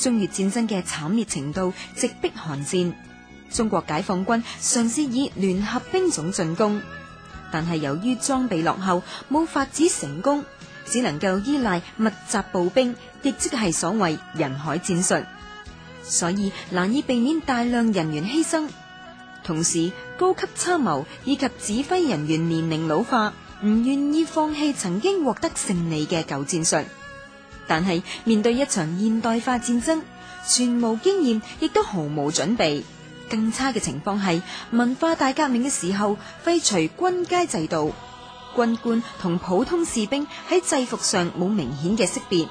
中越戰爭嘅慘烈程度直逼韓戰，中國解放軍嘗試以聯合兵種進攻，但係由於裝備落後，冇法子成功，只能夠依賴密集步兵，亦即係所謂人海戰術，所以難以避免大量人員犧牲。同時，高級參謀以及指揮人員年齡老化，唔願意放棄曾經獲得勝利嘅舊戰術。但係面對一場現代化戰爭，全無經驗，亦都毫無準備。更差嘅情況係文化大革命嘅時候，廢除軍階制度，軍官同普通士兵喺制服上冇明顯嘅識別。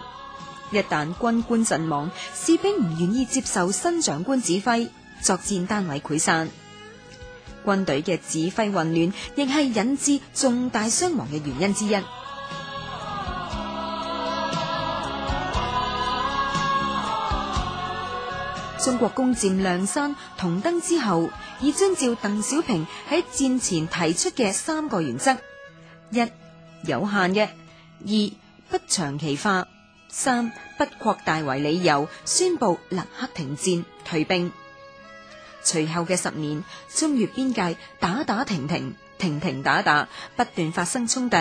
一旦軍官陣亡，士兵唔願意接受新長官指揮，作戰單位潰散，軍隊嘅指揮混亂，亦係引致重大傷亡嘅原因之一。中國攻占諒山、同登之後，已遵照鄧小平喺戰前提出嘅三個原則：一有限嘅，二不長期化，三不擴大為理由，宣布立刻停戰退兵。隨後嘅十年，中越邊界打打停停、停停打打，不斷發生衝突。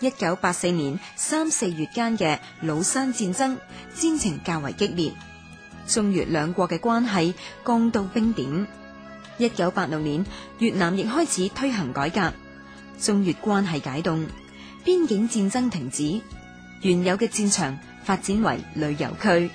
一九八四年三四月間嘅老山戰爭，戰情較為激烈。中越兩國嘅關係降到冰點。一九八六年，越南亦開始推行改革，中越關係解凍，邊境戰爭停止，原有嘅戰場發展為旅遊區。